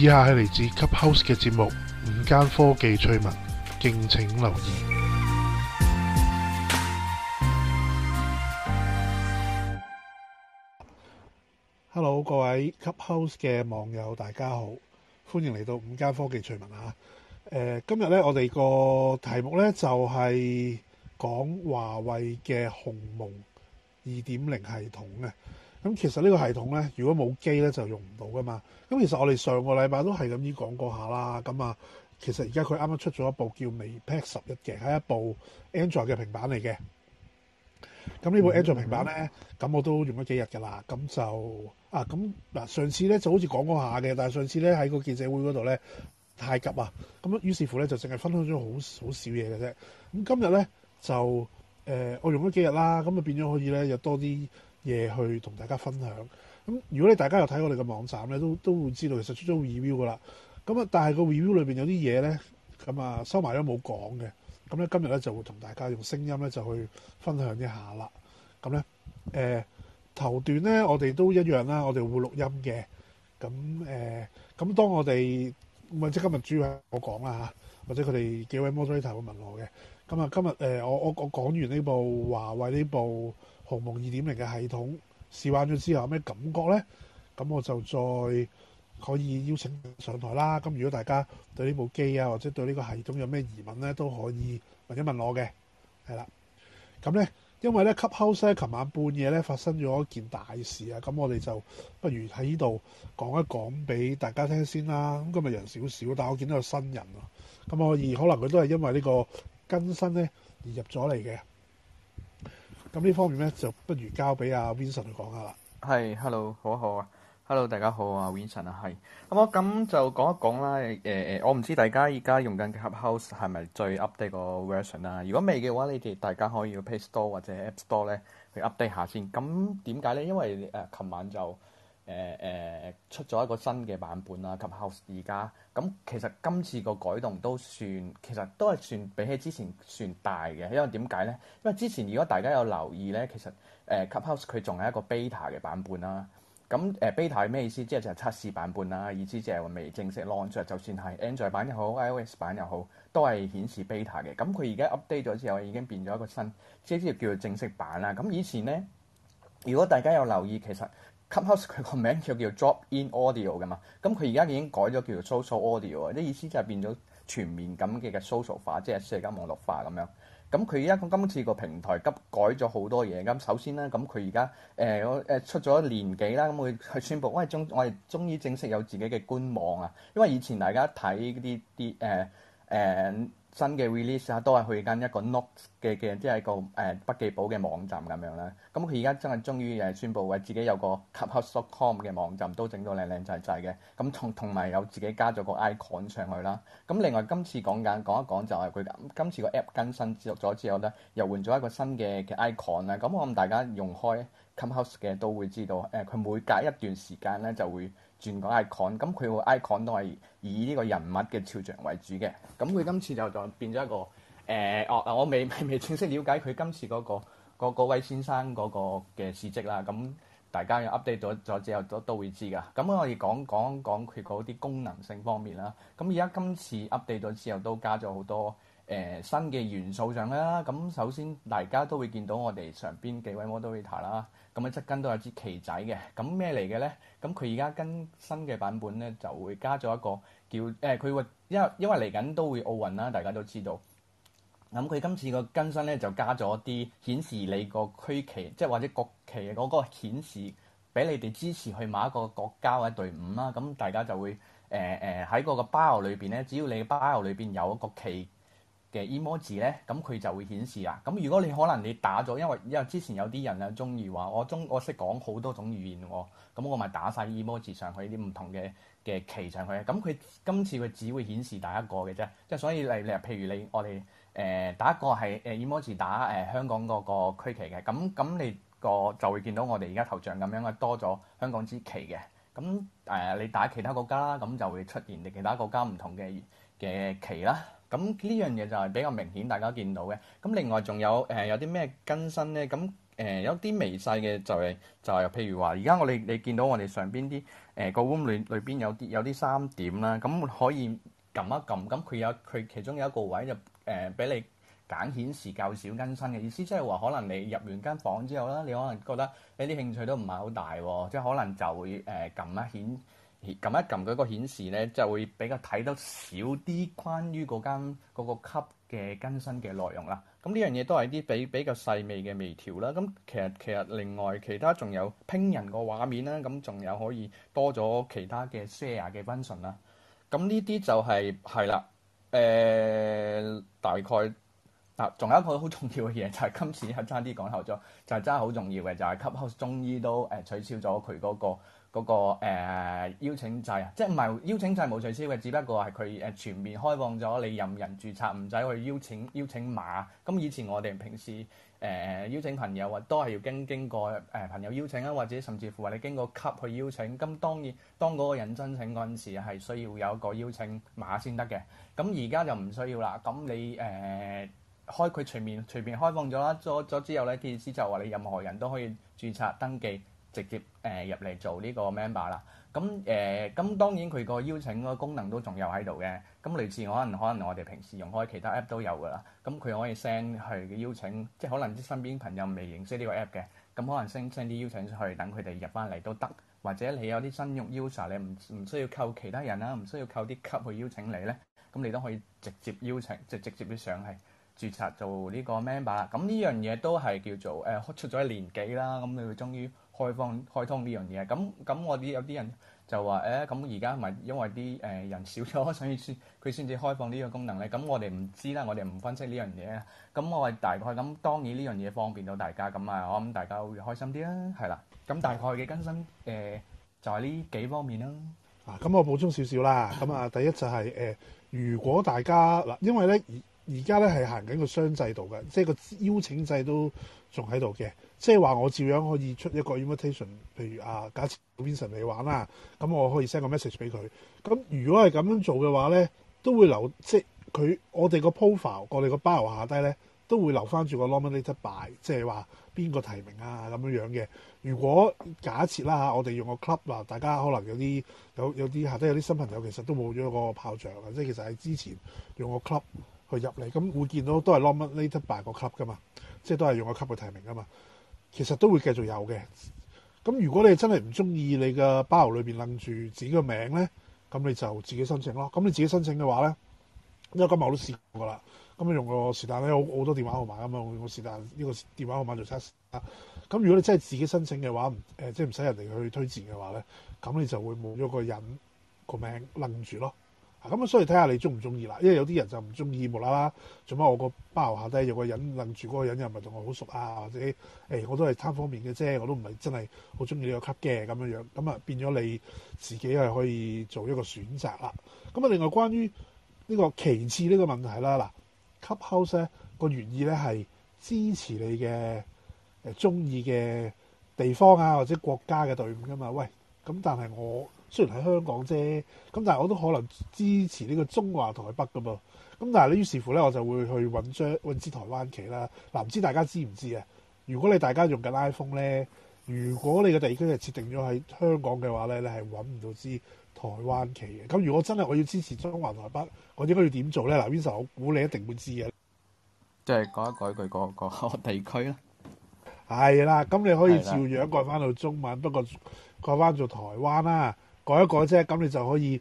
以下係嚟自 Clubhouse 嘅節目《午間科技趣聞》，敬請留意。Hello，各位 Clubhouse 嘅網友，大家好，歡迎嚟到《午間科技趣聞》啊，今日我哋個題目呢，就係講華為嘅鴻蒙二點零系統嘅。咁其實呢個系統咧，如果冇機咧就用唔到噶嘛。咁其實我哋上個禮拜都係咁樣講過下啦。咁啊，其實而家佢啱啱出咗一部叫 MatePad 十一嘅，係一部 Android 嘅平板嚟嘅。咁呢部 Android 平板咧，咁、mm -hmm. 我都用咗幾日噶啦。咁就啊，咁嗱，上次咧就好似講過下嘅，但係上次咧喺個記者會嗰度咧太急啊。咁於是乎咧就淨係分享咗好好少嘢嘅啫。咁今日咧就、呃、我用咗幾日啦，咁啊變咗可以咧有多啲。嘢去同大家分享。咁如果你大家有睇我哋嘅網站咧，都都會知道其實出咗 review 噶啦。咁啊，但係個 review 裏面有啲嘢咧，咁啊收埋咗冇講嘅。咁咧今日咧就會同大家用聲音咧就去分享一下啦。咁咧、呃，頭段咧我哋都一樣啦，我哋會錄音嘅。咁誒咁當我哋，或者今日主要我講啦吓，或者佢哋幾位 moderator 會問我嘅。咁啊今日、呃、我我我講完呢部華為呢部。鴻蒙二點零嘅系統試玩咗之後有咩感覺呢？咁我就再可以邀請上台啦。咁如果大家對呢部機啊或者對呢個系統有咩疑問呢，都可以或者問我嘅。係啦，咁呢，因為呢 Clubhouse 琴晚半夜呢發生咗一件大事啊。咁我哋就不如喺呢度講一講俾大家聽先啦。咁今日人少少，但係我見到有新人啊。咁我而可能佢都係因為呢個更新呢而入咗嚟嘅。咁呢方面咧，就不如交俾阿、啊、Winson 講下啦。係，Hello，好啊好啊，Hello，大家好啊，Winson 啊，係。咁我咁就講一講啦。誒、呃、誒我唔知大家而家用緊 Clubhouse 係咪最 update 個 version 啦？如果未嘅話，你哋大家可以去 Play Store 或者 App Store 咧去 update 下先。咁點解咧？因為誒，琴、呃、晚就。誒誒出咗一個新嘅版本啦，Clubhouse 而家咁其實今次個改動都算，其實都係算比起之前算大嘅。因為點解咧？因為之前如果大家有留意咧，其實誒、呃、Clubhouse 佢仲係一個 beta 嘅版本啦。咁誒、呃、beta 係咩意思？即係就係測試版本啦，意思就係未正式 launch，就算係 Android 版又好，iOS 版又好，都係顯示 beta 嘅。咁佢而家 update 咗之後，已經變咗一個新，即係叫做正式版啦。咁以前咧，如果大家有留意，其實。Clubhouse 佢個名叫叫 Drop In Audio 嘅嘛，咁佢而家已經改咗叫做 Social Audio，即意思就係變咗全面咁嘅嘅 social 化，即係社交網絡化咁樣。咁佢而家今次個平台急改咗好多嘢，咁首先呢，咁佢而家誒出咗年紀年幾啦，咁佢宣布，喂我係中我哋終於正式有自己嘅官網啊，因為以前大家睇啲啲誒。呃誒新嘅 release 都係去緊一個 note 嘅嘅，即係個誒筆記簿嘅網站咁樣啦。咁佢而家真係終於誒宣布，為自己有個 Clubhouse.com 嘅網站都整到靚靚仔仔嘅。咁同同埋有自己加咗個 icon 上去啦。咁另外今次講緊講一講就係佢今次個 app 更新咗之後咧，又換咗一個新嘅嘅 icon 啦。咁我諗大家用開 Clubhouse 嘅都會知道，誒佢每隔一段時間咧就會。轉講 icon，咁佢個 icon, icon 都係以呢個人物嘅肖像為主嘅。咁佢今次就就變咗一個誒，哦、呃，我未未未正式了解佢今次嗰、嗰個嗰位先生嗰個嘅事蹟啦。咁大家又 update 咗，咗之後都都會知㗎。咁我哋講講講佢嗰啲功能性方面啦。咁而家今次 update 咗之後都加咗好多誒、呃、新嘅元素上啦。咁首先大家都會見到我哋上邊幾位 moderator 啦。咁樣側跟都有支旗仔嘅，咁咩嚟嘅咧？咁佢而家更新嘅版本咧，就會加咗一個叫佢、欸、因為因為嚟緊都會奧運啦，大家都知道。咁佢今次個更新咧就加咗啲顯示你個區旗，即係或者國旗嘅嗰個顯示，俾你哋支持去某一個國家或者隊伍啦。咁大家就會喺、呃呃、個個包裏面咧，只要你個包裏面有一個旗。嘅 emoji 咧，咁佢就會顯示啊。咁如果你可能你打咗，因為因為之前有啲人啊中意話我中我識講好多種語言喎，咁我咪打晒 emoji 上去啲唔同嘅嘅旗上去。咁佢今次佢只會顯示第一個嘅啫，即係所以例例如譬如你我哋打一個係、呃、emoji 打、呃、香港嗰個區旗嘅，咁咁你個就會見到我哋而家頭像咁樣嘅多咗香港支旗嘅。咁、呃、你打其他國家啦，咁就會出現其他國家唔同嘅嘅旗啦。咁呢樣嘢就係比較明顯，大家見到嘅。咁另外仲有、呃、有啲咩更新咧？咁、呃、有啲微細嘅就係、是、就係、是、譬如話，而家我哋你見到我哋上邊啲誒個 room 裏邊有啲有啲三點啦，咁、嗯、可以撳一撳。咁佢有佢其中有一個位就誒俾、呃、你揀顯示較少更新嘅意思，即係話可能你入完間房之後啦，你可能覺得一啲興趣都唔係好大喎，即係可能就會誒撳、呃、一顯。撳一撳佢、嗰個顯示咧，就會比較睇得少啲關於嗰間嗰、嗰個級嘅更新嘅內容啦。咁呢樣嘢都係啲比比較細微嘅微調啦。咁其實其實另外其他仲有拼人個畫面啦，咁仲有可以多咗其他嘅 share 嘅 function 啦。咁呢啲就係係啦。大概嗱，仲有一個好重要嘅嘢就係、是、今次係爭啲講漏咗，就係、是、真係好重要嘅，就係、是、Apple 終於都誒取消咗佢嗰個。嗰、那個、呃、邀請制啊，即係唔係邀請制冇取消嘅，只不過係佢全面開放咗，你任人註冊，唔使去邀請邀請碼。咁以前我哋平時、呃、邀請朋友啊，都係要經經過、呃、朋友邀請啊，或者甚至乎話你經過級去邀請。咁當然當嗰個人申請嗰陣時，係需要有一個邀請碼先得嘅。咁而家就唔需要啦。咁你誒、呃、開佢全面全面開放咗啦，咗咗之後呢件事，就話你任何人都可以註冊登記。直接入嚟、呃、做呢個 member 啦。咁誒咁當然佢個邀請個功能都仲有喺度嘅。咁類似可能可能我哋平時用開其他 app 都有㗎啦。咁佢可以 send 去邀請，即係可能啲身邊朋友未認識呢個 app 嘅，咁可能 send send 啲邀請出去等佢哋入翻嚟都得。或者你有啲新 user 你唔唔需要靠其他人啦，唔需要靠啲級去邀請你咧，咁你都可以直接邀請，即直接去上去註冊做呢個 member。咁呢樣嘢都係叫做誒、呃、出咗年幾啦，咁你會終於。開放開通呢樣嘢，咁咁我哋有啲人就話，誒，咁而家係咪因為啲誒人少咗，所以先佢先至開放呢個功能咧。咁我哋唔知啦，我哋唔分析呢樣嘢。咁我係大概咁，當然呢樣嘢方便到大家，咁啊，我諗大家會開心啲啦。係啦，咁大概嘅更新誒，就係呢幾方面啦。啊，咁我補充少少啦。咁啊，第一就係誒，如果大家嗱，因為咧而而家咧係行緊個雙制度嘅，即係個邀請制都仲喺度嘅，即係話我照樣可以出一個 invitation，譬如啊，假設 Winson 未玩啦，咁我可以 send 個 message 俾佢。咁如果係咁樣做嘅話咧，都會留即係佢我哋個 profile，我哋個 bio 下低咧都會留翻住個 nominated by，即係話邊個提名啊咁樣嘅。如果假設啦我哋用個 club 啦，大家可能有啲有有啲下低有啲新朋友其實都冇咗個炮仗啊，即係其實係之前用個 club 去入嚟，咁會見到都係 nominated by 個 club 噶嘛。即係都係用個級去提名啊嘛，其實都會繼續有嘅。咁如果你真係唔中意你嘅包裏邊楞住自己個名咧，咁你就自己申請咯。咁你自己申請嘅話咧，因為今日我都試過啦，咁用個是但咧，好好多電話號碼啊嘛。我用個是但呢個電話號碼做測試啦。咁如果你真係自己申請嘅話，誒即係唔使人哋去推薦嘅話咧，咁你就會冇咗個人個名楞住咯。咁啊，所以睇下你中唔中意啦，因為有啲人就唔中意，無啦啦做乜我個包下低有個人愣住，嗰個人又唔係同我好熟啊，或者誒我都係貪方便嘅啫，我都唔係真係好中意呢個級嘅。咁樣樣咁啊，變咗你自己係可以做一個選擇啦。咁啊，另外關於呢、呢個、呢個、其次呢個問題啦，嗱、啊、Clubhouse 咧個原意咧係支持你嘅誒中意嘅地方啊，或者國家嘅隊伍噶嘛。喂，咁但係我。雖然喺香港啫，咁但係我都可能支持呢個中華台北噶噃。咁但係呢，於是乎呢，我就會去揾支台灣旗啦、啊。嗱，唔知大家知唔知不啊？如果你大家用緊 iPhone 咧，如果你嘅地區係設定咗喺香港嘅話咧，你係揾唔到支台灣旗嘅。咁如果真係我要支持中華台北，我應該要點做咧？嗱，Winson，我估你一定會知嘅。即係改一改一句，改個地區啦。係啦，咁你可以照樣改翻到中文，不過改翻做台灣啦。改一改啫，咁你就可以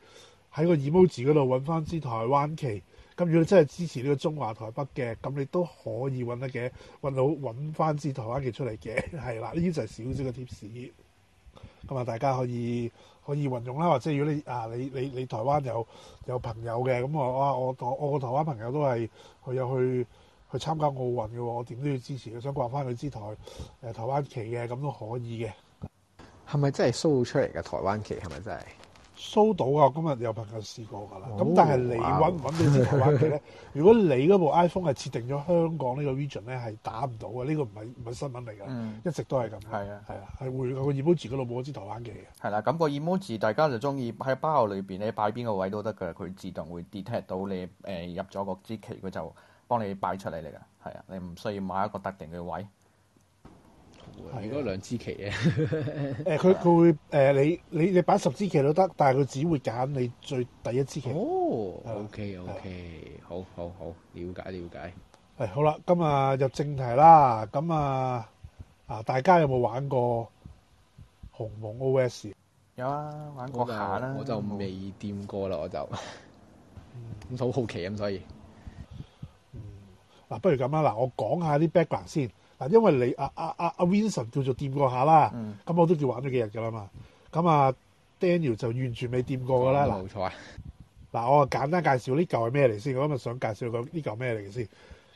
喺個 emoji 嗰度揾翻支台灣旗。咁如果你真係支持呢個中華台北嘅，咁你都可以揾得嘅，揾到揾翻支台灣旗出嚟嘅，係啦。呢啲就係少少嘅貼士。咁啊，大家可以可以運用啦。或者如果你啊，你你你台灣有有朋友嘅，咁啊啊，我我個台灣朋友都係佢有去有去參加奧運嘅，我點都要支持佢。想揾翻佢支台誒台灣旗嘅，咁都可以嘅。係咪真係搜到出嚟嘅台灣旗？係咪真係？搜到啊！我今日有朋友試過噶啦。咁、oh, wow. 但係你揾唔揾到支台灣旗咧？ 如果你嗰部 iPhone 係設定咗香港呢個 region 咧，係打唔到嘅。呢、呢個唔係唔係新聞嚟㗎、嗯。一直都係咁。係啊，係啊，係會啊。個 emoji 嗰度冇支台灣旗嘅。係啦、啊，咁、啊個 emoji 大家就中意喺包裏邊咧，擺邊個位都得㗎，佢自動會 detect 到你誒、呃、入咗個支旗，佢就幫你擺出嚟㗎。係啊，你唔需要買一個特定嘅位。係嗰兩支旗誒，誒佢佢會誒、呃、你你你擺十支旗都得，但係佢只會揀你最第一支旗。哦，O K O K，好好好，了解了解。誒，好啦，今日入正題啦，咁啊啊，大家有冇玩過鴻蒙 O S？有啊，玩過下啦，我就未掂過啦，我就咁好 好奇咁、啊，所以，嗱、嗯，不如咁啊，嗱，我講下啲 background 先。嗱，因為你阿阿阿阿 Winson 叫做掂過下啦，咁、嗯、我都叫玩咗幾日噶啦嘛。咁啊，Daniel 就完全未掂過噶、嗯啊、啦。冇嗱，我啊簡單介紹呢嚿係咩嚟先。我今日想介紹個呢嚿咩嚟先。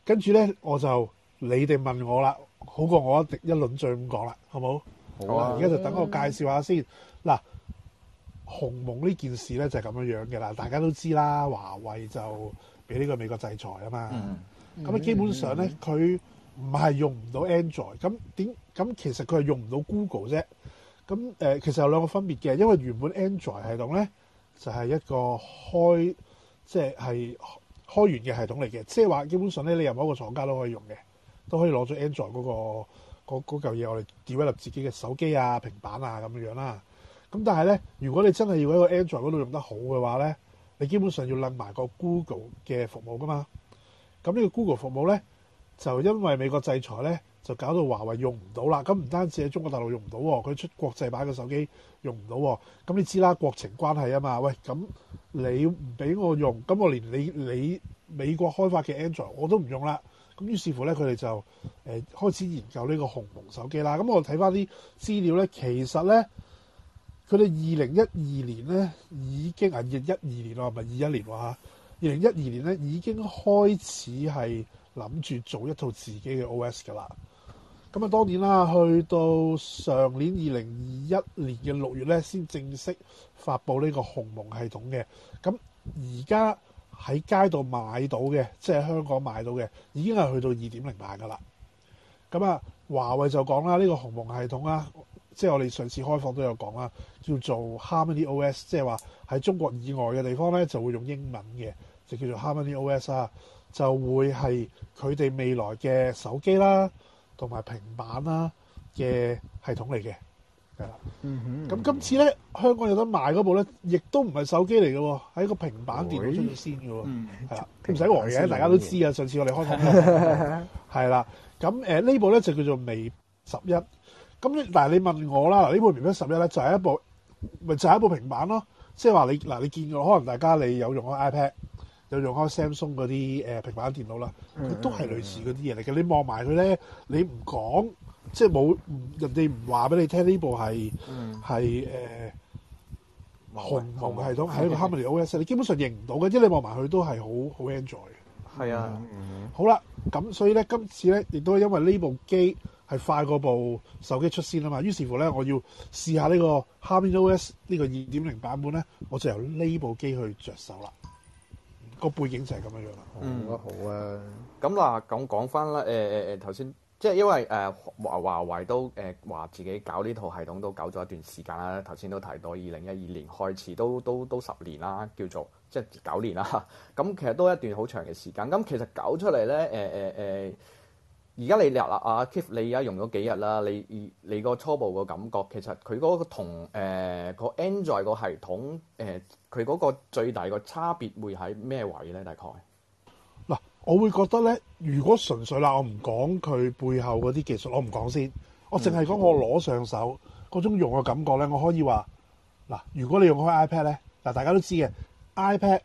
跟住咧，我就你哋問我啦，好過我一,一輪嘴咁講啦，好冇？好啊！而家就等我介紹一下先。嗱、嗯，鴻蒙呢件事咧就係咁樣樣嘅啦，大家都知啦。華為就俾呢個美國制裁啊嘛。咁、嗯、啊，嗯、基本上咧佢。嗯唔係用唔到 Android 咁點？咁其實佢係用唔到 Google 啫。咁誒，其實有兩個分別嘅，因為原本 Android 系統咧就係一個開即係係開源嘅系統嚟嘅，即係話基本上咧你任何一個廠家都可以用嘅，都可以攞咗 Android 嗰個嗰嗰嚿嘢嚟 develop 自己嘅手機啊、平板啊咁樣啦。咁但係咧，如果你真係要喺個 Android 嗰度用得好嘅話咧，你基本上要拎埋個 Google 嘅服務噶嘛。咁呢個 Google 服務咧，就因為美國制裁咧，就搞到華為用唔到啦。咁唔單止喺中國大陸用唔到喎，佢出國際版嘅手機用唔到喎。咁你知啦，國情關係啊嘛。喂，咁你唔俾我用，咁我連你你美國開發嘅 Android 我都唔用啦。咁於是乎咧，佢哋就誒、呃、開始研究呢個鴻蒙手機啦。咁我睇翻啲資料咧，其實咧佢哋二零一二年咧已經啊，二一二年喎，唔係二一年喎嚇。二零一二年咧已經開始係。諗住做一套自己嘅 OS 㗎啦，咁啊，當然啦，去到上年二零二一年嘅六月咧，先正式發佈呢個鴻蒙系統嘅。咁而家喺街度買到嘅，即係香港買到嘅，已經係去到二點零版㗎啦。咁啊，華為就講啦，呢、這個鴻蒙系統啦，即係我哋上次開放都有講啦，叫做 Harmony OS，即係話喺中國以外嘅地方咧就會用英文嘅，就叫做 Harmony OS 啦、啊。就會係佢哋未來嘅手機啦，同埋平板啦嘅系統嚟嘅，係啦。咁、mm、今 -hmm, mm -hmm. 次咧，香港有得賣嗰部咧，亦都唔係手機嚟嘅，係一個平板電腦出先嘅喎，係、mm、啦 -hmm.，唔使和嘅，大家都知啊。上次我哋開係啦。咁 誒呢部咧就叫做微十一。咁嗱，你問我啦，呢部微十一咧就係一部，咪就係、是一，就是、一部平板咯。即係話你嗱，你見過可能大家你有用開 iPad？就用開 Samsung 嗰啲誒平板電腦啦，都係類似嗰啲嘢嚟嘅。你望埋佢咧，你唔講，即係冇人哋唔話俾你聽呢部係係誒紅紅嘅系統，係一個 Harmony OS。你基本上認唔到嘅，因為你望埋佢都係好好 Android。係啊、嗯嗯，好啦，咁所以咧，今次咧亦都係因為呢部機係快過部手機出先啊嘛，於是乎咧，我要試下呢個 Harmony OS 呢個二點零版本咧，我就由呢部機去着手啦。個背景就係咁樣樣啦。嗯，好、嗯、啊。咁話咁講翻啦。誒誒誒，頭先、呃、即係因為誒華、呃、華為都誒話、呃、自己搞呢套系統都搞咗一段時間啦。頭先都提到二零一二年開始，都都都十年啦，叫做即係九年啦。咁其實都一段好長嘅時間。咁其實搞出嚟咧，誒誒誒，而、呃、家你阿啊。Keith 你而家用咗幾日啦？你你你個初步個感覺其實佢嗰個同誒個、呃、Android 個系統誒。呃佢嗰個最大個差別會喺咩位咧？大概嗱，我會覺得咧，如果純粹啦，我唔講佢背後嗰啲技術，我唔講先，我淨係講我攞上手嗰種用嘅感覺咧，我可以話嗱，如果你用開 iPad 咧，嗱大家都知嘅 iPad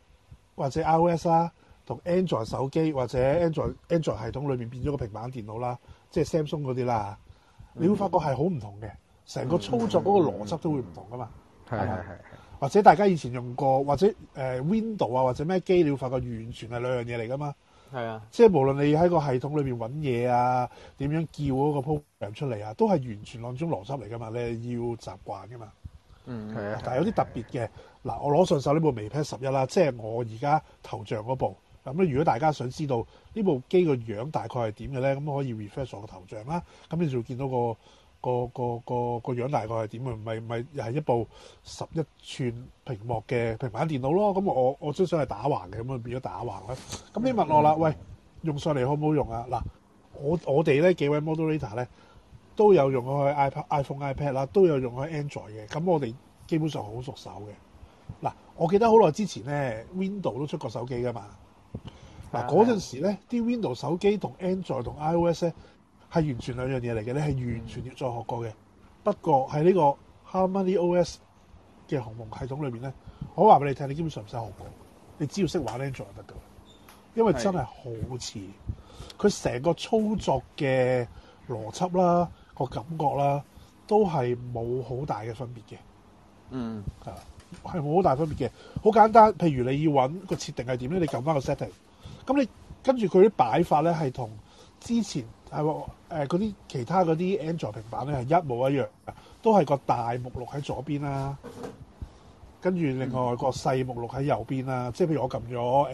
或者 iOS 啦，同 Android 手機或者 Android Android 系統裏面變咗個平板電腦啦，即係 Samsung 嗰啲啦，你會發覺係好唔同嘅，成、嗯、個操作嗰個邏輯都會唔同噶嘛，係係係。或者大家以前用過，或者誒 Windows 啊，或者咩機料化嘅，發覺完全係兩樣嘢嚟噶嘛。係啊，即係無論你喺個系統裏邊揾嘢啊，點樣叫嗰個 program 出嚟啊，都係完全兩種邏輯嚟噶嘛。你係要習慣噶嘛。嗯，係啊，啊。但係有啲特別嘅，嗱、啊啊，我攞上手呢部 MatePad 十一啦，即係我而家頭像嗰部。咁、嗯、咧，如果大家想知道呢部機個樣大概係點嘅咧，咁、嗯、可以 refresh 我個頭像啦。咁你就會見到個。個個個個樣大概係點啊？唔係又係一部十一寸屏幕嘅平板電腦咯？咁我我最想係打橫嘅，咁咪變咗打橫咧？咁你問我啦，喂，用上嚟好唔好用啊？嗱，我我哋咧幾位 moderator 咧都有用開 iPad、iPhone、iPad 啦，都有用開 Android 嘅。咁我哋基本上好熟手嘅。嗱，我記得好耐之前咧，Windows 都出過手機噶嘛。嗱，嗰陣時咧，啲 Windows 手機同 Android 同 iOS 咧。係完全兩樣嘢嚟嘅，你係完全要再學過嘅，嗯。不過喺呢個 Harmony OS 嘅鴻蒙系統裏邊咧，我話俾你聽，你基本上唔使學過，你只要識玩呢種就得噶啦。因為真係好似佢成個操作嘅邏輯啦，個感覺啦，都係冇好大嘅分別嘅。嗯，係啊，係冇好大分別嘅。好簡單，譬如你要揾個設定係點咧，你撳翻個 setting，咁你跟住佢啲擺法咧係同。之前係喎嗰啲其他嗰啲 Android 平板咧係一模一樣，都係個大目錄喺左邊啦，跟住另外個細目錄喺右邊啦。即係譬如我撳咗誒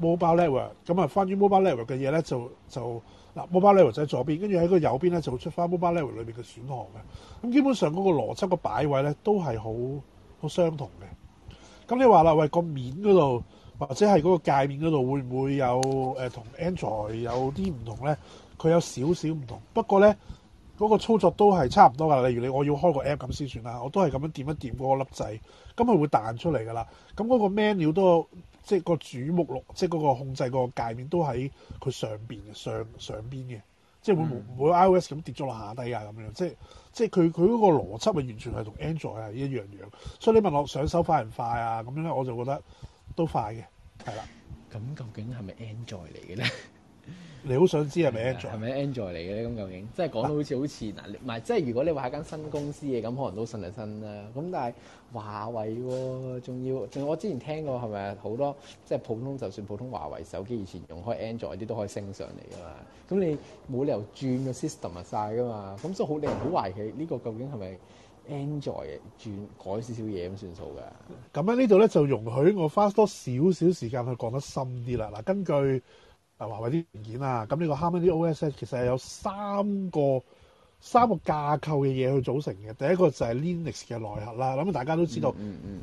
Mobile Lever 咁啊翻轉 Mobile Lever 嘅嘢咧就就嗱 Mobile Lever 就喺左邊，跟住喺個、欸、個右邊咧就會出翻 Mobile Lever 裏邊嘅選項嘅。咁基本上嗰個邏輯個擺位咧都係好好相同嘅。咁你話啦，喂個面嗰度。或者係嗰個界面嗰度會唔會有、呃、同 Android 有啲唔同咧？佢有少少唔同，不過咧嗰個操作都係差唔多噶。例如你我要開個 app 咁先算啦，我都係咁樣掂一掂嗰個粒掣咁佢會彈出嚟噶啦。咁嗰個 menu 都即個主目錄，即嗰個控制個界面都喺佢上面嘅上上邊嘅，即係會唔會 iOS 咁跌咗落下低啊？咁、嗯、樣即係即佢佢嗰個邏輯係完全係同 Android 一樣樣，所以你問我上手快唔快啊？咁樣咧我就覺得。都快嘅，係啦。咁究竟係咪 Android 嚟嘅咧？你好想知係咪 Android？係咪 Android 嚟嘅咧？咁究竟，即係講到好似、嗯、好似嗱，唔係即係如果你話係間新公司嘅，咁可能都信就新啦。咁但係華為喎、哦，仲要仲我之前聽過係咪好多，即、就、係、係、普通就算普通華為手機以前用開 Android 啲都可以升上嚟噶嘛。咁你冇理由轉個 system 啊晒噶嘛。咁所以好你唔好懷疑呢、這個究竟係咪？Android 轉改少少嘢咁算數㗎。咁喺呢度咧，就容許我花多少少時間去講得深啲啦。嗱，根據啊華為啲文件啊，咁呢個 Harmony OS 其實係有三個三個架構嘅嘢去組成嘅。第一個就係 Linux 嘅內核啦。咁大家都知道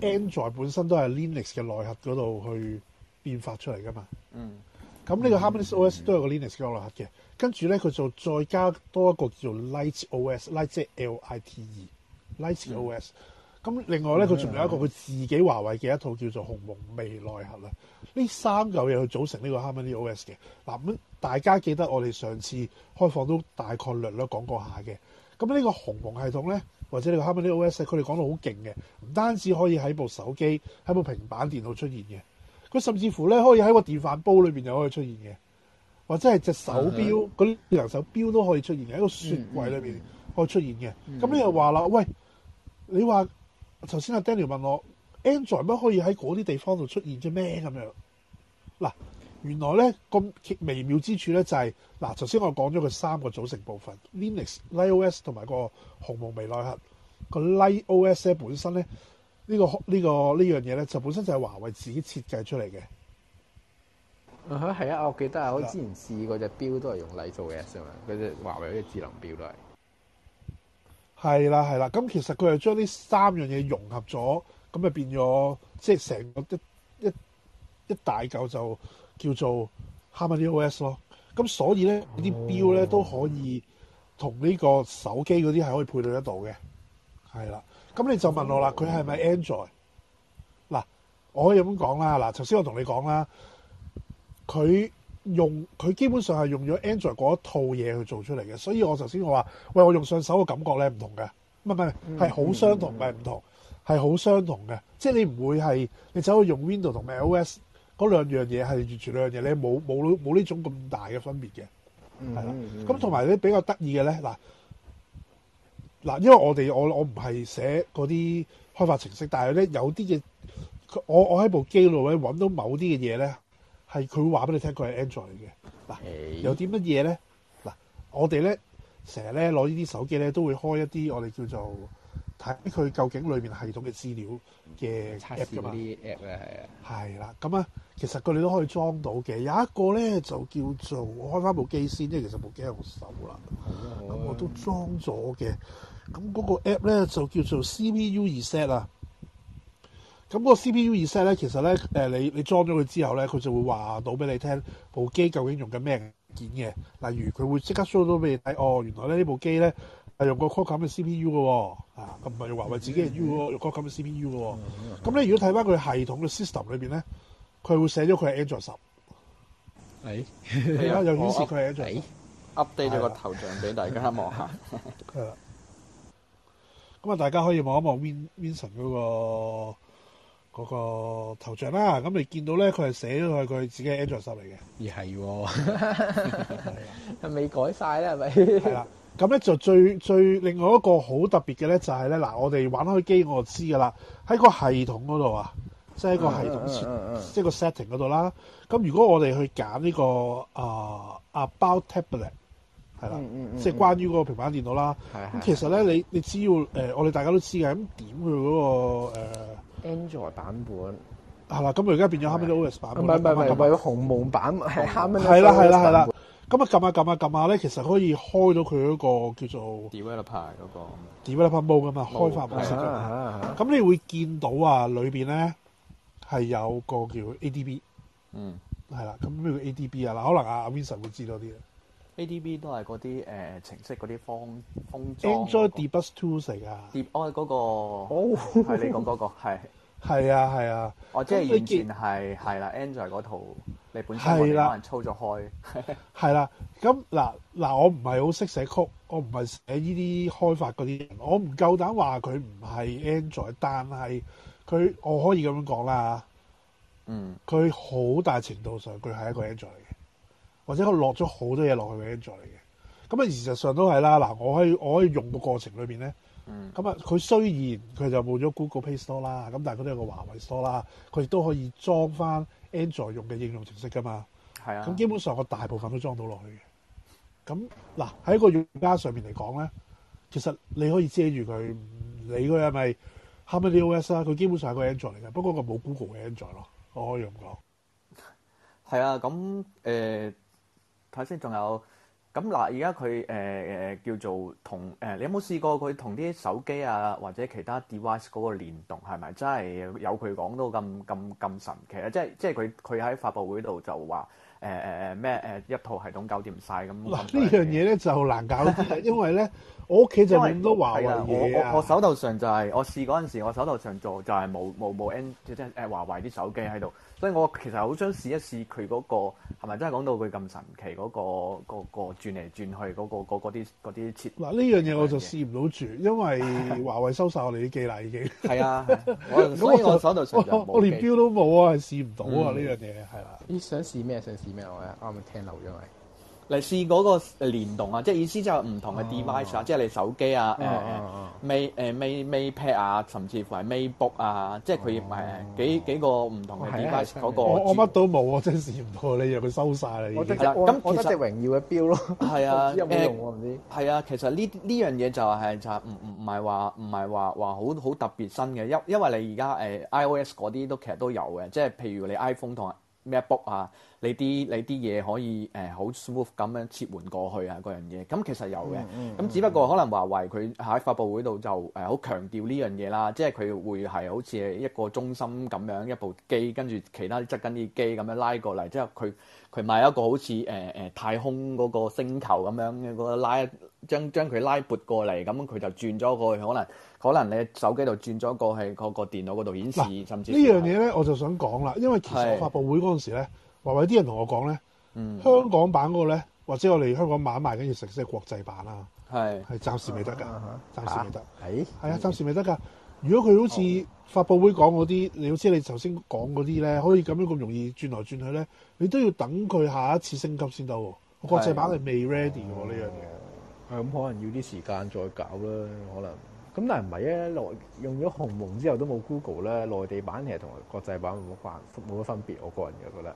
，Android 本身都係 Linux 嘅內核嗰度去變化出嚟㗎嘛。嗯，咁呢個 Harmony OS 都有個 Linux 嘅內核嘅。跟住咧，佢就再加多一個叫做 Lite OS。Lite 即係 L I T E。LiteOS，咁、嗯、另外咧，佢仲有一個佢自己華為嘅一套叫做紅紅未內核鴻蒙微內核啦。呢三嚿嘢去組成呢個 HarmonyOS 嘅。嗱，咁大家記得我哋上次開放都大概略略講過下嘅。咁呢個鴻蒙系統咧，或者呢個 HarmonyOS 佢哋講到好勁嘅，唔單止可以喺部手機、喺部平板電腦出現嘅，佢甚至乎咧可以喺個電飯煲裏面又可以出現嘅，或者係隻手錶嗰啲智能手錶都可以出現嘅，喺個雪櫃裏面可以出現嘅。咁你又話啦，喂～你話頭先阿 Daniel 問我 Android 乜可以喺嗰啲地方度出現啫咩咁樣？嗱，原來咧咁奇妙之處咧就係、是、嗱，頭先我講咗佢三個組成部分，Linux、LiteOS 同埋個鴻蒙微內核。個 LiteOS 咧本身咧呢、這個這個這個這個、呢個呢樣嘢咧就本身就係華為自己設計出嚟嘅。啊、嗯、係啊，我記得啊，我之前試過隻錶都係用 LiteOS 啊嘛，嗰隻華為嗰啲智能錶都係。係啦，係啦，咁其實佢係將呢三樣嘢融合咗，咁就變咗即係成、就是、個一一一大嚿就叫做 Harmony OS 咯。咁所以咧啲錶咧都可以同呢個手機嗰啲係可以配對得到嘅。係啦，咁你就問我啦，oh. 啦，佢係咪 Android？嗱，我可以咁講啦，嗱，頭先我同你講啦，佢。用佢基本上係用咗 Android 嗰一套嘢去做出嚟嘅，所以我頭先我話：喂，我用上手嘅感覺咧唔同嘅，唔係唔係係好相同嘅唔同，係好相同嘅。即係你唔會係你走去用 Windows 同埋 Mac OS 嗰兩樣嘢係完全兩樣嘢，你冇冇冇呢種咁大嘅分別嘅，係啦、mm -hmm.。咁同埋咧比較得意嘅咧，嗱嗱，因為我哋我我唔係寫嗰啲開發程式，但係咧有啲嘅，我我喺部機度咧揾到某啲嘅嘢咧。係佢會話俾你聽他是，佢係 Android 嘅。嗱、hey.，有啲乜嘢咧？嗱，我哋咧成日咧攞呢啲手機咧，都會開一啲我哋叫做睇佢究竟裏邊系統嘅資料嘅 app 噶啲 app 咧係啦。咁啊，其實佢你都可以裝到嘅。有一個咧就叫做我開翻部機先，因為其實部機好手啦。咁、oh. 我都裝咗嘅。咁嗰個 app 咧就叫做 CPU-Z 啊。咁、那個 CPU-Z 咧，其實咧，誒你你裝咗佢之後咧，佢就會話到俾你聽，部機究竟用緊咩件嘅？例如佢會即刻 show 到俾你睇，哦，原來咧呢部機咧係用個 Qualcomm 嘅 CPU 嘅喎，啊，咁唔係用華為自己嘅 U 咯，用 Qualcomm 嘅 CPU 嘅喎。咁、嗯嗯、你如果睇翻佢系統嘅 system 裏邊咧，佢會寫咗佢係 Android 十、哎。你 又顯示佢係 Android，update、啊啊、咗個頭像俾大家望下。係 啦，咁啊大家可以望一望 Win Winson 嗰、那個。嗰、那個頭像啦，咁你見到咧，佢係寫咗佢自己嘅 Android 嚟嘅，而係、哦，係未改晒啦，係咪？係 啦，咁咧就最最另外一個好特別嘅咧，就係咧嗱，我哋玩開機我就知噶啦，喺個系統嗰度啊，即、就、係、是、個系統設，即、uh, 係、uh, uh. 個 setting 嗰度啦。咁如果我哋去揀呢、這個啊、uh, about tablet，係啦，即、mm, 係、mm, mm. 關於嗰個平板電腦啦。咁、mm, mm. 其實咧，你你只要誒，我哋大家都知嘅，咁點佢嗰、那個、呃 Android 版本係啦，咁佢而家變咗 Harmony OS 版本。唔係唔係唔係，鴻蒙版係後，係啦係啦係啦，咁啊撳下撳下撳下咧，其實可以開到佢嗰個叫做 developer 嗰、嗰個 developer mode 㗎、那、嘛、個，開發模式。咁你會見到啊，裏邊咧係有個叫 ADB，嗯，係啦，咁咩叫 ADB 啊？嗱，可能阿、啊、Vincent 會知道啲 ADB 都係嗰啲誒程式嗰啲方封裝。Android Debug Tools 嚟噶。哦、oh，嗰個，嗰、oh。嗰個係你講嗰個係。係 啊，係啊。哦，即係完全係係啦，Android 嗰套你本身可以幫人操作開。係啦，咁嗱嗱，我唔係好識寫曲，我唔係寫呢啲開發嗰啲人，我唔夠膽話佢唔係 Android，但係佢我可以咁樣講啦。嗯。佢好大程度上，佢係一個 Android。或者佢落咗好多嘢落去嘅 Android 嚟嘅，咁啊，事實上都係啦。嗱，我可以我可以用個過程裏面咧，咁、嗯、啊，佢雖然佢就冇咗 Google Play Store 啦，咁但係佢都有個華為 Store 啦，佢亦都可以裝翻 Android 用嘅應用程式㗎嘛。係啊，咁基本上我大部分都裝到落去嘅。咁嗱，喺個用家上面嚟講咧，其實你可以遮住佢，唔理佢係咪 HarmonyOS 啦。佢基本上係個 Android 嚟嘅，不過佢冇 Google 嘅 Android 咯。我可以咁講。係啊，咁誒。睇先，仲有咁嗱，而家佢誒誒叫做同誒，你有冇試過佢同啲手機啊，或者其他 device 嗰個連動，係咪真係有佢講到咁咁咁神奇啊？即係即係佢佢喺發佈會度就話誒誒咩誒，一套系統搞掂曬咁。呢樣嘢咧就難搞，因為咧我屋企就係咁多華為嘅嘢啊！我我手頭上就係我試嗰陣時，我手頭上做就係冇冇冇 N，即係誒華為啲手機喺度。所以我其實好想試一試佢嗰個係咪真係講到佢咁神奇嗰個個個轉嚟轉去嗰個個嗰啲嗰啲設。嗱，呢樣嘢我就試唔到住，因為華為收晒我哋啲機啦已經。係 啊，我手我連錶都冇啊，係試唔到啊呢樣嘢係啦。你想試咩？想試咩？我咧啱啱聽漏咗咪？嚟試嗰個聯動啊！即係意思就係唔同嘅 device 啊，即係你手機啊、誒、Mate、誒 Mate、MatePad 啊，呃呃、Pay，甚至乎係 MateBook 啊，啊，即係佢唔係幾幾個唔同嘅 device 嗰、哦啊啊啊嗰個。我乜都冇，啊，真係試唔到，你入去收曬啦已經。我得隻榮耀嘅錶咯。係啊，誒係、欸、啊，有咩用我唔知，其實呢呢樣嘢就係、係、就係唔唔唔係話唔係話話好好特別新嘅，因因為你而家誒 iOS 嗰啲都其實都有嘅，即係譬如你 iPhone 同。咩 book 啊？你啲你啲嘢可以誒好、呃、smooth 咁樣切換過去啊，嗰樣嘢咁其實有嘅。咁、嗯嗯、只不過可能華為佢喺發布會度就誒好強調呢樣嘢啦，即係佢會係好似一個中心咁樣一部機，跟住其他側跟啲機咁樣拉過嚟，即係佢。佢買一個好似、呃呃、太空嗰個星球咁樣嘅嗰個拉，將將佢拉撥過嚟，咁佢就轉咗過去可能可能你手機度轉咗過去嗰、嗰個電腦嗰度顯示，甚至呢樣嘢呢，我就想講啦，因為其實我發佈會嗰陣時呢，華為啲人同我講呢，香港版嗰個咧，或者我哋香港買賣緊要成身、係、國際版啦，係係暫時未得㗎，暫時未得，係係啊，啊暫時未得㗎。如果佢好似發佈會講嗰啲，哦、像你好似你頭先講嗰啲咧，可以咁樣咁容易轉來轉去咧，你都要等佢下一次升級先得喎。國際版係未 ready 喎呢、嗯、樣嘢，係、嗯、咁、嗯、可能要啲時間再搞啦，可能。咁但係唔係啊？內用咗鴻蒙之後都冇 Google 啦。內地版其實同國際版冇乜冇乜分別。我個人又覺得，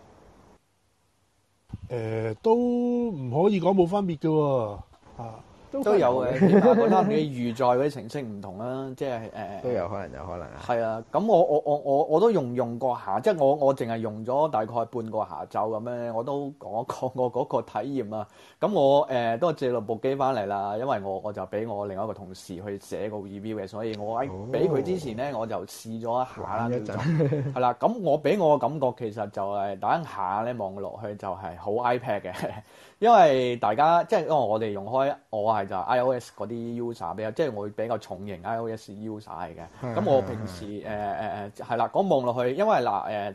誒、呃、都唔可以講冇分別嘅喎，啊都，都有嘅，但係嗰單嘅預載嗰啲程式唔同啦、啊，即係誒都有可能，有可能係啊，咁、啊、我我我我我都用用過下，即係我我淨係用咗大概半個下晝咁樣，我都我講過嗰個體驗啊。咁我誒、呃、都借咗部機翻嚟啦，因為我我就俾我另外一個同事去寫個 review 嘅，所以我喺俾佢之前咧，我就試咗一下啦。一係啦，咁、啊、我俾我嘅感覺其實就係、是、等一下咧望落去就係好 iPad 嘅。因為大家即係，因為我哋用開，我係就係 iOS 嗰啲 user 比較，即係我會比較重型 iOS user 嚟嘅。咁我平時誒誒誒係啦，講望落去，因為嗱誒，佢、呃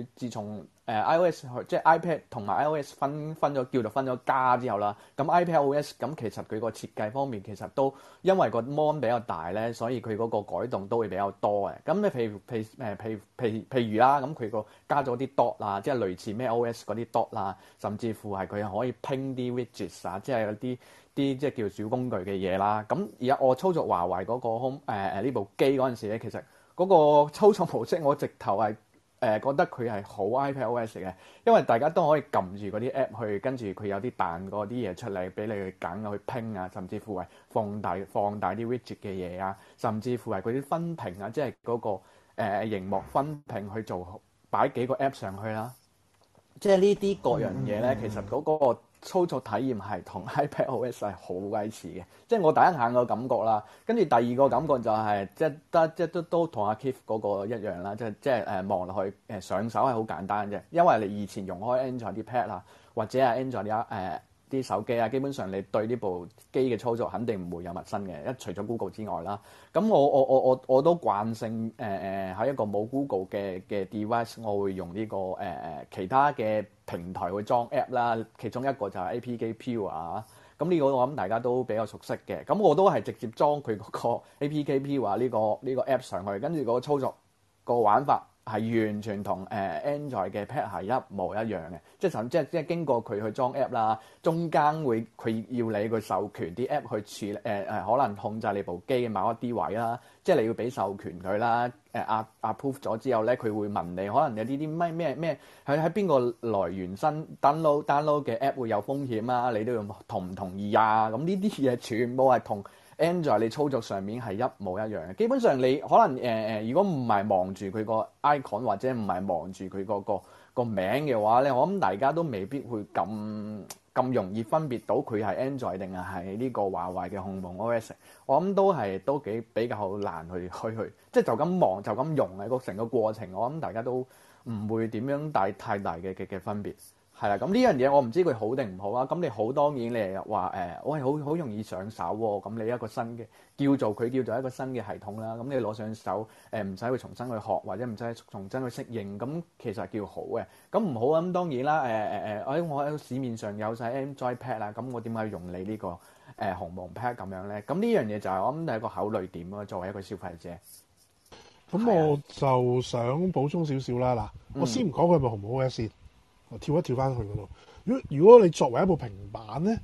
呃、自從。Uh, iOS 即係 iPad 同埋 iOS 分分咗，叫做分咗家之後啦。咁 iPadOS 咁其實佢個設計方面其實都因為個 mon 比較大咧，所以佢嗰個改動都會比較多嘅。咁譬如譬如譬如譬如譬如啦，咁佢個加咗啲 dot 啦，即係類似咩 OS 嗰啲 dot 啦，甚至乎係佢可以拼啲 widgets 啊，即係嗰啲啲即係叫小工具嘅嘢啦。咁而家我操作華為嗰個 home 呃、呃、呢部機嗰陣時咧，其實嗰個操作模式我直頭係。誒、呃、覺得佢係好 iPadOS 嘅，因為大家都可以撳住嗰啲 app 去跟住佢有啲彈嗰啲嘢出嚟俾你去揀啊，去拼啊，甚至乎係放大放大啲 widget 嘅嘢啊，甚至乎係嗰啲分屏啊，即係嗰、嗰個誒、呃、熒幕分屏去做擺幾個 app 上去啦。即係呢啲各樣嘢咧、嗯，其實嗰、嗰個。操作體驗係同 iPadOS 係好鬼似嘅，即係我第一眼個感覺啦，跟住第二個感覺就係、係、即係得即係都都同阿 Keith 嗰個一樣啦，即係即係望落去上手係好簡單嘅，因為你以前用開 Android Pad 啊，或者係 Android、呃啲手機啊，基本上你對呢部機嘅操作肯定唔會有陌生嘅，一除咗 Google 之外啦。咁我我我我我都慣性誒誒喺一個冇 Google 嘅嘅 device，我會用呢、這個、呃、其他嘅平台去裝 app 啦。其中一個就係 APK Pure 啊，咁呢個我諗大家都比較熟悉嘅。咁我都係直接裝佢嗰個 APK Pure 話呢個呢、這個、app 上去，跟住嗰個操作、這個玩法。係完全同 Android 嘅 pad 係一模一樣嘅，即係甚即係即係經過佢去裝 app 啦，中間會佢要你個授權啲 app 去處理誒、呃、可能控制你部機嘅某一啲位啦，即係你要俾授權佢啦。誒阿阿 Proof 咗之後咧，佢會問你，可能有啲啲咩咩咩喺喺邊個來源新 download download 嘅 app 會有風險啊？你都要同唔同意啊？咁呢啲嘢全部係同 Android 你操作上面係一模一樣嘅，基本上你可能誒誒、呃，如果唔係望住佢個 icon 或者唔係望住佢嗰個個名嘅話咧，我諗大家都未必會咁咁容易分別到佢係 Android 定係呢個華為嘅鴻蒙 OS，我諗都係都幾比較難去去去，即係就咁望就咁用係個成個過程，我諗大家都唔會點樣帶太大嘅嘅嘅分別。係啦，咁呢樣嘢我唔知佢好定唔好啊。咁、嗯、你好當然你係話、欸、我係好好容易上手喎、啊。咁你一個新嘅叫做佢叫做一個新嘅系統啦、啊。咁、嗯、你攞上手唔使去重新去學或者唔使重新去適應。咁、嗯、其實叫好嘅。咁、嗯、唔好咁、嗯、當然啦。誒、欸、我喺市面上有曬 M Joy Pad 啦。咁、嗯、我點解用你、這個欸、呢個誒鴻蒙 Pad 咁樣咧、就是？咁呢樣嘢就係我諗係一個考慮點啊。作為一個消費者，咁我就想補充少少啦。嗱，我先唔講佢係咪鴻蒙嘅、啊嗯、先好。跳一跳翻去嗰度。如果如果你作為一部平板咧，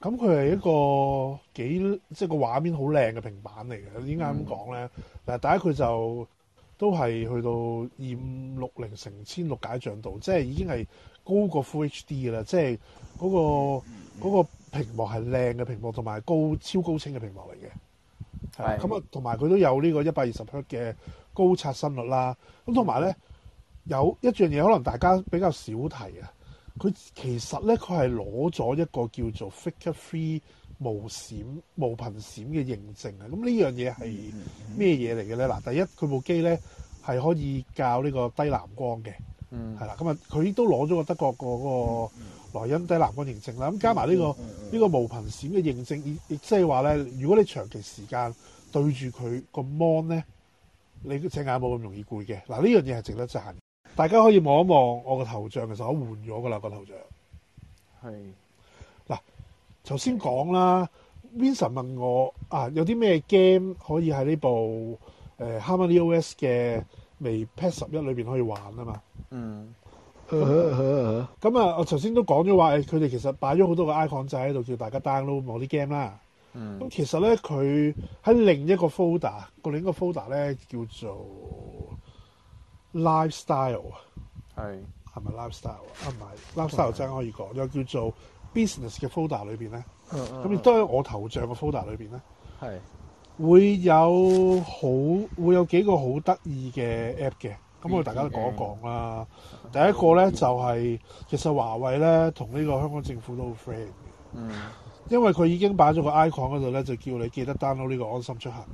咁佢係一個幾即係個畫面好靚嘅平板嚟嘅。點解咁講咧？嗱，第一，佢就都係去到二五六零乘千六解像度，即係已經係高過 Full HD 啦。即係嗰、嗰個嗯嗰個屏幕係靚嘅屏幕，同埋高超高清嘅屏幕嚟嘅。係。咁啊，同埋佢都有呢個一百二十赫嘅高刷新率啦。咁同埋咧。嗯有一樣嘢，可能大家比較少提啊。佢其實咧，佢係攞咗一個叫做 flicker-free 無閃無頻閃嘅認證啊。咁呢樣嘢係咩嘢嚟嘅咧？嗱，第一佢部機咧係可以校呢個低藍光嘅，嗯係啦。咁啊，佢都攞咗個德國個嗰個萊茵低藍光認證啦。咁加埋呢、呢個呢、呢個無頻閃嘅認證亦亦即係話咧，如果你長期時間對住佢個 mon 咧，你隻眼冇咁容易攰嘅。嗱，呢樣嘢係值得讚。大家可以望一望我個頭像，其實我換咗噶啦個頭像。係。嗱，頭先講啦，Vincent 問我啊，有啲咩 game 可以喺呢部、呃、HarmonyOS 嘅微 Pad 十一裏面可以玩啊嘛？嗯。咁、嗯、啊，我頭先都講咗話，佢哋其實擺咗好多個 icon 仔喺度，叫大家 download 我啲 game 啦。嗯。咁其實咧，佢喺另一個 folder，另一個 folder 咧叫做，lifestyle 啊，係係咪 lifestyle 啊？唔係，lifestyle 真係可以講，有叫做 business 嘅 folder 裏面咧，咁亦都喺我頭像嘅 folder 裏面咧，係會有好會有幾個好得意嘅 app 嘅，咁我哋大家都講一講啦。第一個咧就係、是、其實華為咧同呢個香港政府都好 friend 嘅，因為佢已經擺咗個 icon 嗰度咧，就叫你記得 download 呢個安心出行。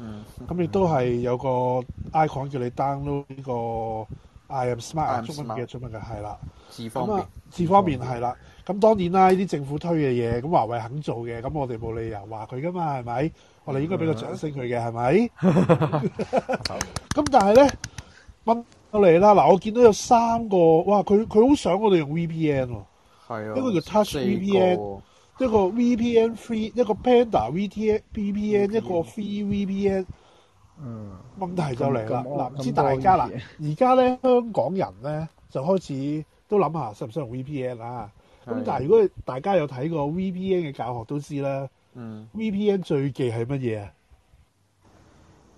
嗯，咁、嗯、亦都係有個 icon 叫你 download 呢個 I am, smart, I am Smart 中文嘅中文嘅係啦，方啊，智方便係啦，咁當然啦，呢啲政府推嘅嘢，咁華為肯做嘅，咁我哋冇理由話佢噶嘛，係咪？我哋應該俾個掌聲佢嘅，係、嗯、咪？咁 但係咧，問到嚟啦，嗱，我見到有三個，哇，佢佢好想我哋用 VPN 喎，係啊，一個叫 Touch 個 VPN。一個 VPN free，一個 Panda VPN、嗯、一個 free VPN，嗯，問題就嚟啦，嗱、嗯，唔知大家啦，而家咧香港人咧就開始都諗下，使唔使用 VPN 啊？咁但係如果大家有睇過 VPN 嘅教學都知啦，嗯，VPN 最忌係乜嘢啊？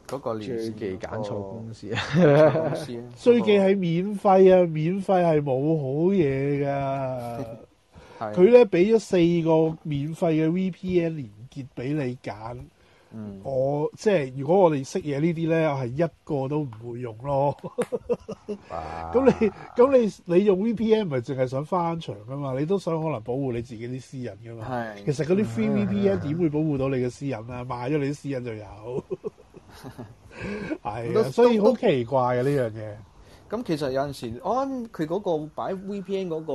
嗰個最忌揀錯公司公司啊，哦、 最忌係免費啊，免費係冇好嘢噶。 佢咧俾咗四個免費嘅 VPN 連結俾你揀、嗯，我即係如果我哋識嘢呢啲咧，我係一個都唔會用咯。咁 你咁你你用 VPN 唔係淨係想翻牆噶嘛？你都想可能保護你自己啲私隱噶嘛？其實嗰啲 free VPN 點會保護到你嘅私隱啊？賣咗你啲私隱就有，係啊，所以好奇怪啊呢樣嘢。 咁其實有陣時，我諗佢嗰個擺 VPN 嗰、嗰個誒、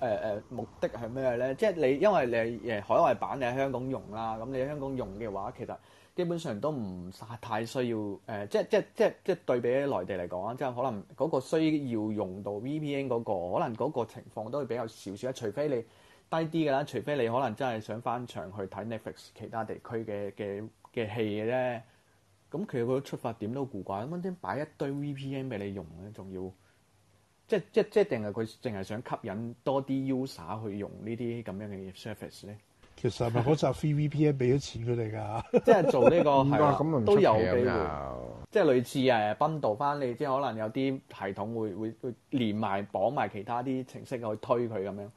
呃呃、目的係咩咧？即係你因為你誒海外版你喺香港用啦，咁你喺香港用嘅話，其實基本上都唔太需要誒、呃，即即即即對比起內地嚟講，即係可能嗰個需要用到 VPN 嗰、嗰個，可能嗰個情況都會比較少少。除非你低啲㗎啦，除非你可能真係想翻牆去睇 Netflix 其他地區嘅嘅嘅戲咧。咁其實佢出發點都好古怪，咁天擺一堆 VPN 俾你用咧，仲要即即即定係佢淨係想吸引多啲 user 去用這這呢啲咁樣嘅 service 咧？其實係咪嗰集 free VPN 俾咗錢佢哋㗎？即係做呢個係都有俾，即係類似誒彌道翻你，即係可能有啲系統會會，會連埋綁埋其他啲程式去推佢咁樣。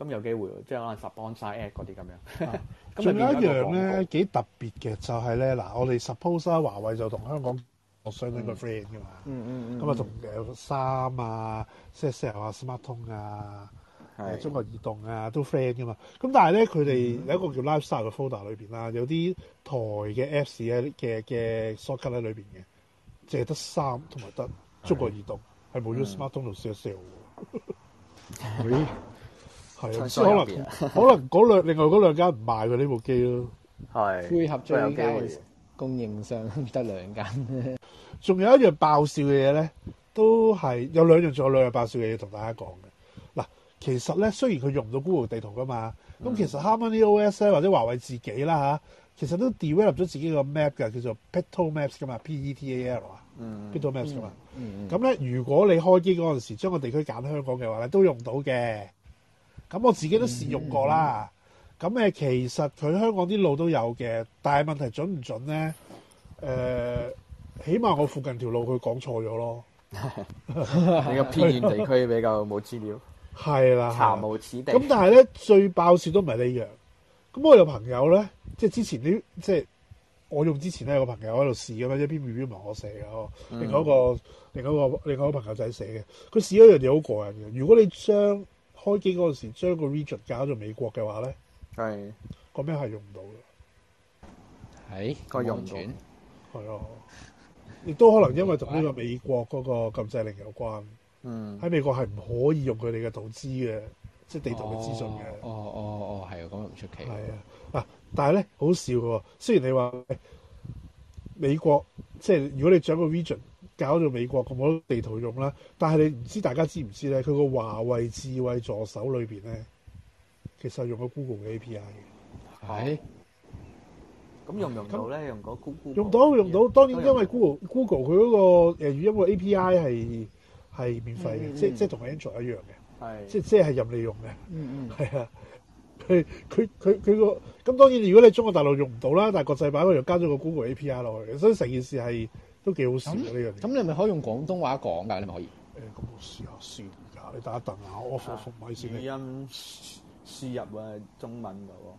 咁有機會，即係可能 support 晒 app 嗰啲咁樣。仲、啊、 有，有一樣咧幾特別嘅，就係咧嗱，我哋 suppose 啦、啊，華為就同香港我、嗯、相親個 friend 噶嘛。嗯嗯。咁、嗯 uh, 啊，同誒三啊 CSL 啊 smart 通啊，啊 uh, 中國移動啊都 friend 噶嘛。咁但係咧，佢哋有一個叫 lifestyle 嘅 folder 裏邊啦，有啲台嘅 apps 嘅嘅嘅 socket 喺裏邊嘅，淨係得三同埋得中國移動，係冇咗 smart 通同 CSL。係，所以可能可能嗰兩另外嗰兩間唔賣佢呢部機咯。係配合最緊嘅供應商得兩間。仲有一樣爆笑嘅嘢咧，都係有兩樣仲有兩樣爆笑嘅嘢同大家講嘅。嗱，其實咧雖然佢用唔到 Google 地圖噶嘛，咁、嗯、其實 Harmony OS 咧、啊、或者華為自己啦、啊、吓，其實都 develop 咗自己個 map 噶，叫做 Petal Maps 噶嘛，P-E-T-A-L，Petal Maps 噶嘛。咁咧 -E 嗯 -E 嗯 -E 嗯嗯、如果你開機嗰陣時將個地區揀香港嘅話咧，你都用到嘅。咁我自己都試用過啦。咁、嗯、其實佢香港啲路都有嘅，但係問題準唔準咧？誒、呃，起碼我附近條路佢講錯咗咯。 你個偏遠地區比較冇資料，係啦，查無此地。咁但係咧，最爆笑都唔係呢樣。咁我有朋友咧，即係之前啲即係我用之前咧，有個朋友喺度試咁樣嘛，一篇篇唔係我寫嘅哦，另外一個、嗯、另外一個、另外一個、另外一個朋友仔寫嘅。佢試咗一樣嘢好過癮嘅，如果你將開機嗰陣時將個 region 搞到美國嘅話咧，係個咩係用唔到嘅？喺個用唔到，係咯、啊。亦都可能因為同呢個美國嗰個禁制令有關。嗯，喺美國係唔可以用佢哋嘅圖資嘅，即係地圖嘅資訊嘅。哦哦哦，係啊，咁唔出奇。係啊，嗱，但係咧好笑喎。雖然你話美國即係如果你將個 region 搞到美國咁多地圖用啦，但係你唔知大家知唔知咧？佢個華為智慧助手裏邊咧，其實係用咗 Google 嘅 API 嘅。係、oh. yeah.。咁用唔用到咧？用 Google 用到，用到，用，到用到，當然因為 Google Google 佢嗰個誒語音嘅 API 係係、mm -hmm. 免費嘅、mm -hmm.，即即同 Android 一樣嘅，係即即係任你用嘅。嗯嗯。係啊。佢佢佢佢個咁當然如果你中國大陸用唔到啦，但係國際版佢又加咗個 Google API 落去，所以成件事係。都幾好試㗎呢樣嘢。咁你係咪可以用廣東話講㗎？你咪可以。咁我試下試下。你等一等啊，我我咪先。語音輸入啊中文㗎喎。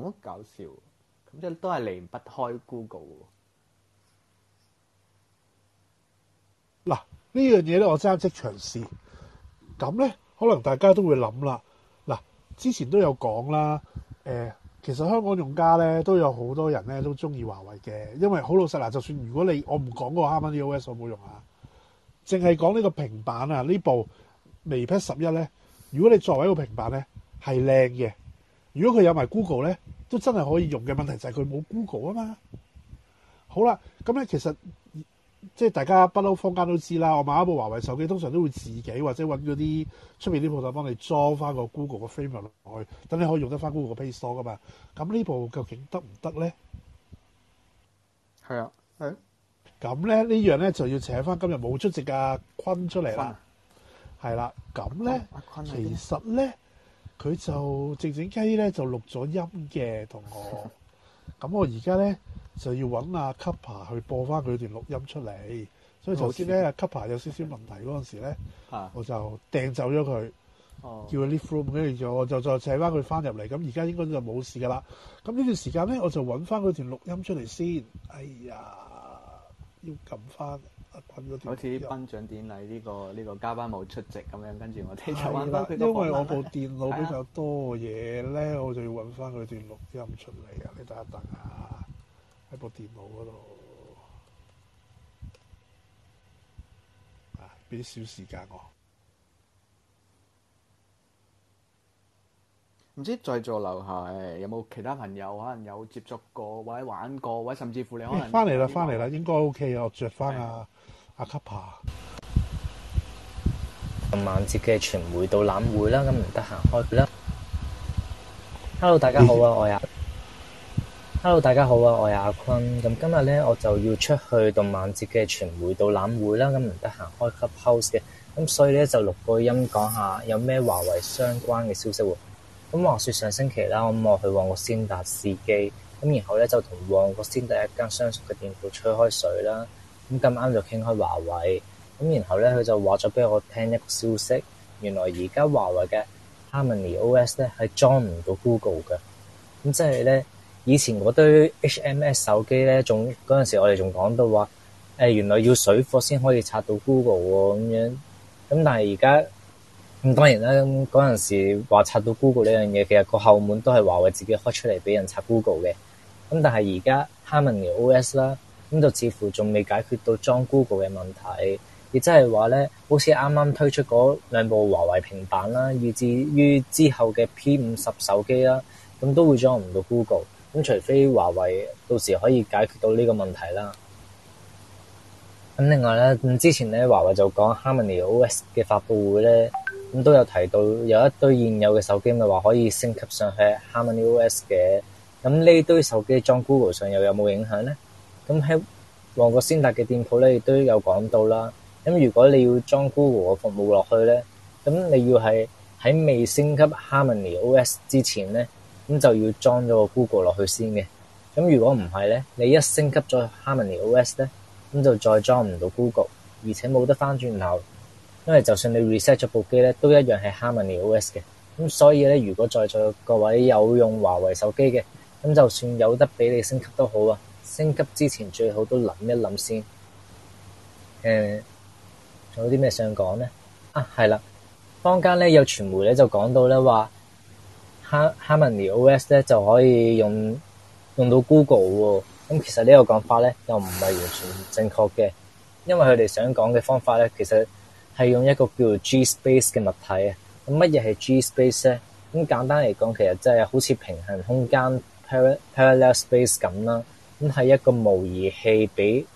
咁搞笑，咁即都係離不開 Google 喎。嗱，呢樣嘢呢，我真係即場試。咁呢，可能大家都會諗啦。嗱，之前都有講啦，呃其實香港用家咧都有好多人咧都中意華為嘅，因為好老實嗱，就算如果你我唔講個 HarmonyOS 我冇用啊，淨係講呢個平板啊呢部微 P11 呢，十一咧，如果你作為一個平板咧係靚嘅，如果佢有埋 Google 咧都真係可以用嘅問題就係佢冇 Google 啊嘛。好啦，咁、嗯、咧其實。即係大家不嬲坊間都知啦，我買一部華為手機，通常都會自己或者揾嗰啲出面啲鋪頭幫你裝翻個 Google 嘅 frame 落去，等你可以用得翻 Google 嘅 Play store 噶嘛。咁呢部究竟得唔得咧？係啊，係、啊。咁咧呢樣咧就要請翻今日冇出席阿坤出嚟啦。係、啊、啦，咁咧、啊、其實咧佢、啊、就靜靜雞咧就錄咗音嘅，同我。咁 我而家咧。就要揾阿 Cuppa 去播翻佢段錄音出嚟，所以頭先咧 Cuppa 有少少問題嗰陣時咧、okay. oh.，我就掟走咗佢，叫佢 leave room 跟住，咗，我就再請翻佢翻入嚟。咁而家應該就冇事噶啦。咁呢段時間咧，我就揾翻佢段錄音出嚟先。哎呀，要撳翻阿好似頒獎典禮呢、呢個呢、呢個嘉賓冇出席咁樣，跟住我哋就回了，因為我部電腦比較多嘢咧、 啊，我就要揾翻佢段錄音出嚟啊！你等一等啊～喺部電腦嗰度啊，俾啲小時間我。唔知道在座樓下有冇有其他朋友可能有接觸過或者玩過，或者甚至乎你可能翻嚟啦，翻嚟啦，應該 OK 穿回啊！我著翻阿阿卡帕。尋晚接嘅傳媒導覽會啦，咁唔得閒開佢啦。Hello，大家好啊，欸，我呀。hello，大家好啊！我係阿坤。咁今日咧我就要出去動漫節嘅傳媒導覽會啦。咁唔得閒開 Clubhouse 嘅，咁所以咧就錄個音講下有咩華為相關嘅消息喎。咁話說上星期啦，咁我去旺角先達試機，咁然後咧就同旺角先達一間相熟嘅店鋪吹開水啦。咁咁啱就傾開華為，咁然後咧佢就話咗俾我聽一個消息，原來而家華為嘅 Harmony OS 咧係裝唔到 Google 㗎，咁即係咧。以前嗰堆 HMS 手機咧，仲嗰陣時我們還說到說，我哋仲講到話原來要水貨先可以拆到 Google 喎、哦、咁樣。咁但係而家咁當然啦，咁嗰陣時話拆到 Google 呢樣嘢，其實個後門都係華為自己開出嚟俾人拆 Google 嘅。咁但係而家 HarmonyOS 啦，咁就似乎仲未解決到裝 Google 嘅問題，亦即係話咧，好似啱啱推出嗰兩部華為平板啦，以至於之後嘅 P 五十手機啦，咁都會裝唔到 Google。咁除非華為到時可以解決到呢個問題啦。咁另外咧，咁之前咧，華為就講 Harmony OS 嘅發布會咧，咁都有提到有一堆現有嘅手機咪話可以升級上去 Harmony OS 嘅。咁呢堆手機裝 Google 上又有冇影響咧？咁喺旺角先達嘅店鋪咧亦都有講到啦。咁如果你要裝 Google 嘅服務落去咧，咁你要係喺未升級 Harmony OS 之前咧，咁就要裝咗個 Google 落去先嘅。咁如果唔係呢，你一升級咗 Harmony OS 呢，咁就再裝唔到 Google，而且冇得翻轉頭。因為就算你 reset 咗部機呢，都一樣係 Harmony OS 嘅。咁所以呢，如果在座各位有用華為手機嘅，咁就算有得俾你升級都好啊。升級之前最好都諗一諗先。誒、嗯，仲有啲咩想講呢？啊，係啦，坊間呢有傳媒咧就講到呢話，Harmony OS 咧就可以用用到 Google 喎，咁其實呢個講法咧又唔係完全正確嘅，因為佢哋想講嘅方法咧，其實係用一個叫做 G Space 嘅物體啊。咁乜嘢係 G Space 咧？咁簡單嚟講，其實即係好似平衡空間 parallel space 咁啦。咁係一個模擬器，俾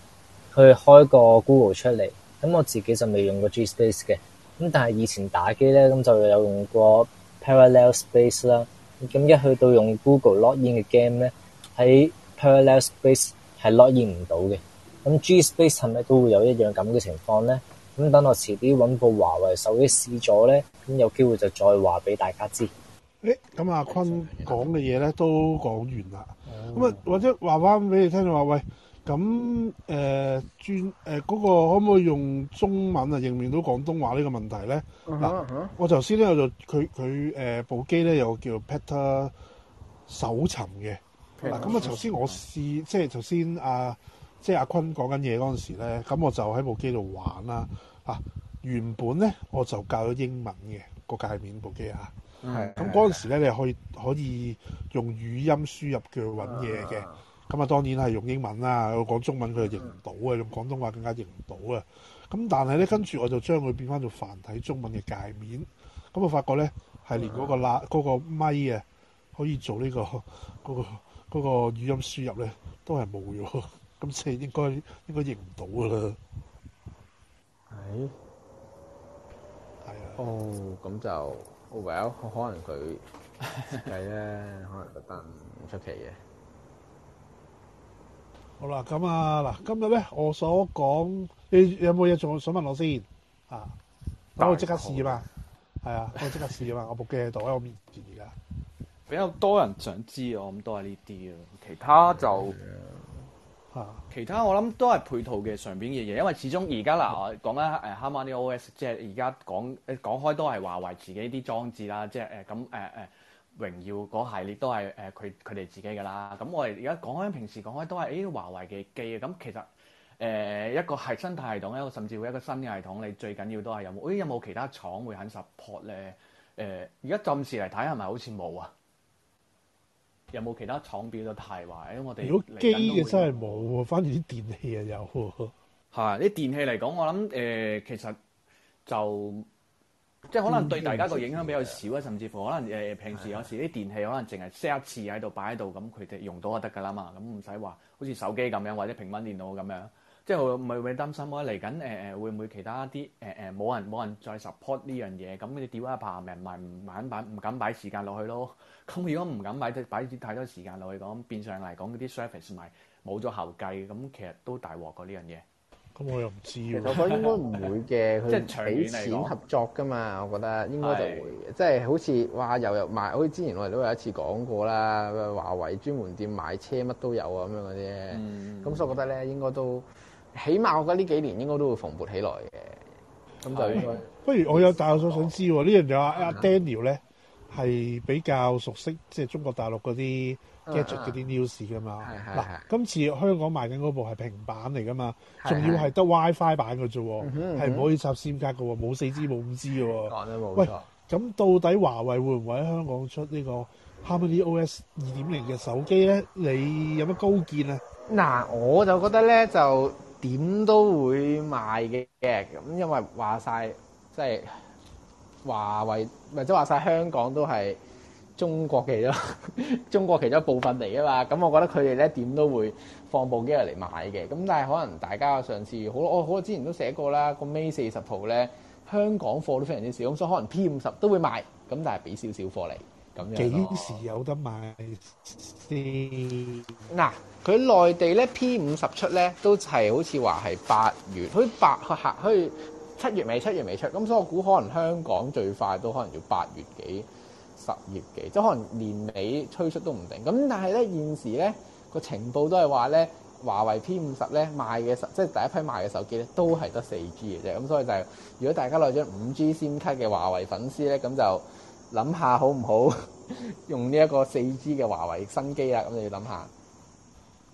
去開個 Google 出嚟。咁我自己就未用過 G Space 嘅，咁但係以前打機咧咁就有用過。Parallel Space 啦，咁一去到用 Google login 嘅 game 咧，喺 Parallel Space 係 login 唔到嘅。咁 G Space 係咪都會有一樣咁嘅情況咧？咁等我遲啲揾部華為手機試咗咧，咁有機會就再話俾大家知。誒咁阿坤講嘅嘢咧都講完啦。咁、嗯、啊，或者話翻俾你聽，就話喂。咁誒、呃、專誒嗰、呃那個可唔可以用中文啊認唔認到廣東話呢個問題咧？嗱、uh -huh.，我頭先咧我就佢佢誒部機咧有叫 Petal 搜尋嘅嗱，咁啊頭先我試即係頭先阿即係阿坤講緊嘢嗰陣時咧，咁我就喺部機度玩啦啊！原本咧我就教咗英文嘅個界面部機啊，係咁嗰陣時咧你可以可以用語音輸入叫佢揾嘢嘅。咁啊，當然係用英文啦。我講中文佢又認唔到啊，用廣東話更加認唔到啊。咁但係咧，跟住我就將佢變翻做繁體中文嘅界面。咁我發覺咧，係連嗰個喇嗰、嗰個咪啊，可以做呢、呢個嗰、嗰個嗰、嗰個、語音輸入咧，都係冇咗。咁即係應該應該認唔到㗎啦。係、哎，係啊。哦、oh，咁、oh, 就，Well，可能佢設計咧，可能覺得唔出奇嘅。好啦，咁啊，嗱，今日咧我所講，你有冇嘢仲想問我先？啊，等我即刻試啊，係啊，我即刻試啊，我部機喺度喺我面前而家。比較多人想知啊，咁都係呢啲其他就、嗯啊、其他我諗都係配套嘅上面嘅嘢，因為始終而家嗱，講緊誒，HarmonyOS，即係而家講講開都係華為自己啲裝置啦，即係誒咁誒誒榮耀嗰系列都係誒佢佢哋自己噶啦，咁我哋而家講開平時講開都係誒、哎、華為嘅機啊，咁其實誒、呃、一個係生態系統，一個甚至會一個新嘅系統，你最緊要都係有冇誒有冇、哎、其他廠會肯 support 咧？誒而家暫時嚟睇係咪好似冇、哎、啊？有冇其他廠表咗態咧？我哋如果機嘅真係冇喎，反而啲電器又有喎。嚇！啲電器嚟講，我諗誒其實就。即係可能對大家個影響比較少啊，甚至乎可能平時有時啲電器可能淨係 set 一次喺度擺喺度，咁佢哋用到就得㗎啦嘛，咁唔使話好似手機咁樣或者平板電腦咁樣，即係會唔會擔心咧嚟緊會唔會其他啲呃、冇人冇人再 support 呢樣嘢？咁你屌一排咪唔係，唔敢擺唔敢擺時間落去咯。咁如果唔敢擺擺太多時間落去，咁變相嚟講嗰啲 service 咪冇咗後繼，咁其實都大鑊過呢樣嘢。我又唔知喎， 其實我覺得應該唔會嘅，佢俾錢合作噶嘛，我覺得應該就會，即係、就是、好似話又又賣，好似之前我哋都有一次講過啦，華為專門店買車乜都有啊咁樣嗰啲，咁、嗯、所以我覺得咧應該都，起碼我覺得呢幾年應該都會蓬勃起來嘅。咁就應該，不如我有大有所想知喎，呢樣就阿阿 Daniel 咧係比較熟悉，即、就、係、是、中國大陸嗰啲。get 出嗰啲 news 噶嘛？嗱、啊啊啊啊，今次香港賣緊嗰部係平板嚟噶嘛？仲要係得 WiFi 版嘅啫、啊，係、嗯、唔、嗯、可以插線卡嘅，冇四 G 冇五 G 嘅。喂，咁到底華為會唔會喺香港出呢個 Harmony OS 二點零嘅手機咧？你有乜高見啊？嗱，我就覺得咧，就點都會賣嘅，咁因為話晒，即係華為，或者係話晒香港都係。中國嘅咯，中國其中一部分嚟啊嘛，咁我覺得佢哋咧點都會放部機入嚟買嘅，咁但係可能大家上次好我我之前都寫過啦，個 May 四十號咧，香港貨都非常之少，咁所以可能 P 五十都會賣，咁但係俾少少貨嚟咁樣咯。幾時有得賣先？嗱，佢、啊、內地咧 P 五十出咧都係好似話係八月，佢八佢下七月尾七月尾出，咁所以我估可能香港最快都可能要八月幾。十頁嘅，即可能年尾推出都唔定。咁但係咧，現時咧個情報都係話咧，華為 P 五十咧賣嘅十，即係第一批賣嘅手機咧，都係得四 G 嘅啫。咁所以就是、如果大家攞咗五 G 先級嘅華為粉絲咧，咁就諗下好唔好用呢一個四 G 嘅華為新機啦。咁你要諗下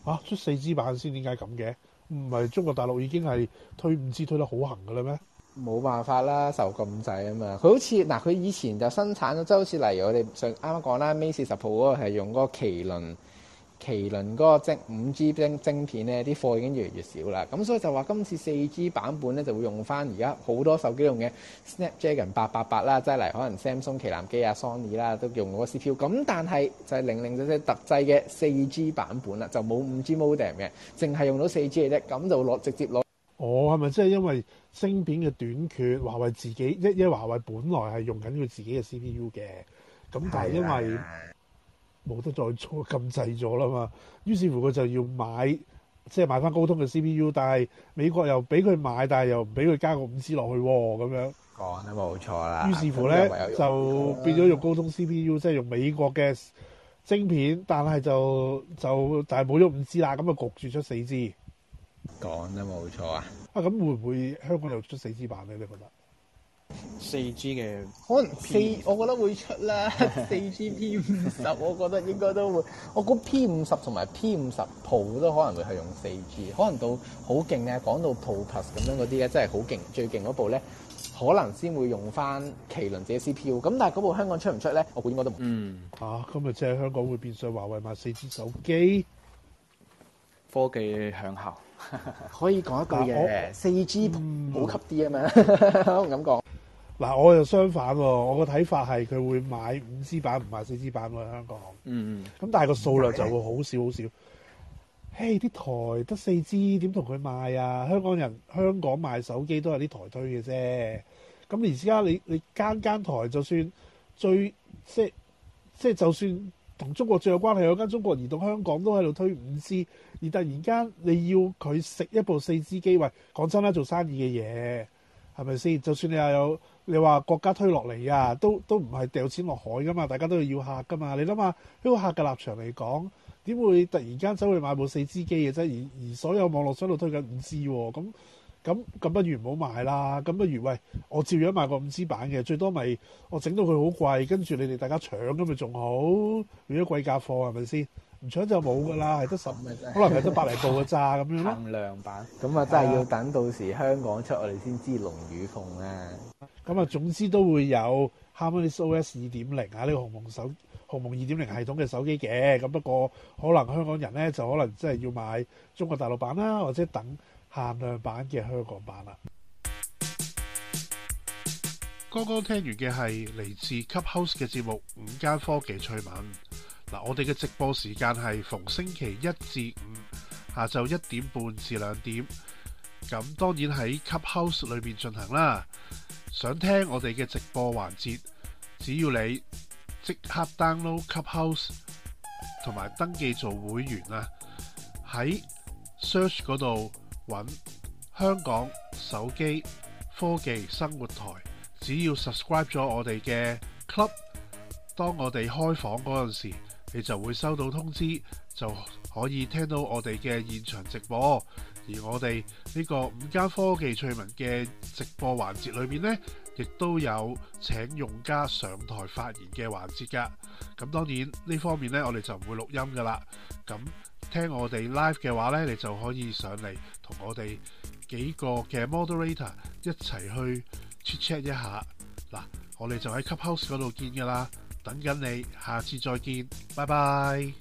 嚇出四 G 版先，點解咁嘅？唔係中國大陸已經係推五 G 推得好行㗎啦咩？冇辦法啦，受禁制啊嘛。佢好似嗱，佢、啊、以前就生產咗，即係好似例如我哋上啱啱講啦，Mate 十 Pro 嗰個係用嗰個麒麟麒麟嗰、嗰個即 5G 晶五 G 晶晶片咧，啲貨已經越嚟越少啦。咁所以就話今次四 G 版本咧就會用翻而家好多手機用嘅 Snapdragon 八八八啦，即係嚟可能 Samsung 旗艦機啊、Sony 啦都用嗰個 CPU。咁但係就係零零星星特製嘅四 G 版本啦，就冇五 G modem 嘅，淨係用到四 G 嚟啫。咁就攞直接攞哦，係咪即係因為？芯片嘅短缺，華為自己，即係即係華為本來係用緊佢自己嘅 CPU 嘅，咁但係因為冇得再做禁制咗啦嘛，於是乎佢就要買，即係買翻高通嘅 CPU，但係美國又俾佢買，但係又唔俾佢加個五 G 落去咁樣，講得冇錯啦。於是乎咧就變咗用高通 CPU，即係用美國嘅晶片，但係就就但係冇咗五 G 啦，咁啊焗住出四 G。講得冇錯啊！啊咁會唔會香港又出四 G 版咧？你覺得四 G 嘅可能四，我覺得會出啦。四 G P 五十，我覺得應該都會。我估 P 五十同埋 P 五十 Pro 都可能會係用四 G，可能到好勁啊，講到 Pro Plus 咁樣嗰啲咧，真係好勁，最勁嗰部咧，可能先會用翻麒麟自己 C P U。咁但係嗰部香港出唔出咧？我估應該都唔嗯啊！咁咪即係香港會變相華為賣四 G 手機，科技向後。 可以講一句嘢，四 G 普及啲啊嘛，咁、嗯、講。嗱， 我又相反喎，我個睇法係佢會買五 G 版，唔、嗯、買四 G 版喎。香港，嗯嗯，咁但係個數量就會好少好少。嘿，啲台得四 G 點同佢賣啊？香港人香港賣手機都係啲台推嘅啫。咁而家你你間間台就算最即係即係就算。同中國最有關係有間中國移動香港都喺度推 5G，而突然間你要佢食一部 4G 機，喂，講真啦，做生意嘅嘢係咪先？就算你又有你話國家推落嚟啊，都都唔係掉錢落海㗎嘛，大家都要要客㗎嘛。你諗下，呢、呢個客嘅立場嚟講，點會突然間走去買部 4G 機嘅啫？而而所有網絡商都推緊 5G 喎，咁、嗯。咁咁不如唔好買啦，咁不如喂我照樣買個五 G 版嘅，最多咪我整到佢好貴，跟住你哋大家搶咁咪仲好，變咗貴價貨係咪先？唔搶就冇㗎啦，係得十萬，可能係得百嚟部嘅咋咁樣咧。限量版，咁啊真係要等到時香港出我哋先知龍與鳳啦。咁啊總之都會有 HarmonyOS 二點零啊，呢個鴻蒙手鴻蒙二點零系統嘅手機嘅，咁不過可能香港人咧就可能真係要買中國大陸版啦，或者等。限量版嘅香港版啦。剛剛聽完嘅係嚟自 Club House 嘅節目《午間科技趣聞》嗱。我哋嘅直播時間係逢星期一至五下晝一點半至兩點，咁當然喺 Club House 裏面進行啦。想聽我哋嘅直播環節，只要你即刻 download Club House 同埋登記做會員啊，喺 search 嗰度，揾香港手機科技生活台，只要 subscribe 咗我哋嘅 club，當我哋開房嗰陣時，你就會收到通知，就可以聽到我哋嘅現場直播。而我哋呢個午間科技趣聞嘅直播環節裏面呢。亦都有請用家上台發言嘅環節㗎，咁當然呢方面呢，我哋就唔會錄音㗎啦。咁聽我哋 live 嘅話呢，你就可以上嚟同我哋幾個嘅 moderator 一齊去 chit chat 一下。嗱，我哋就喺 Clubhouse 嗰度見㗎啦，等緊你，下次再見，拜拜。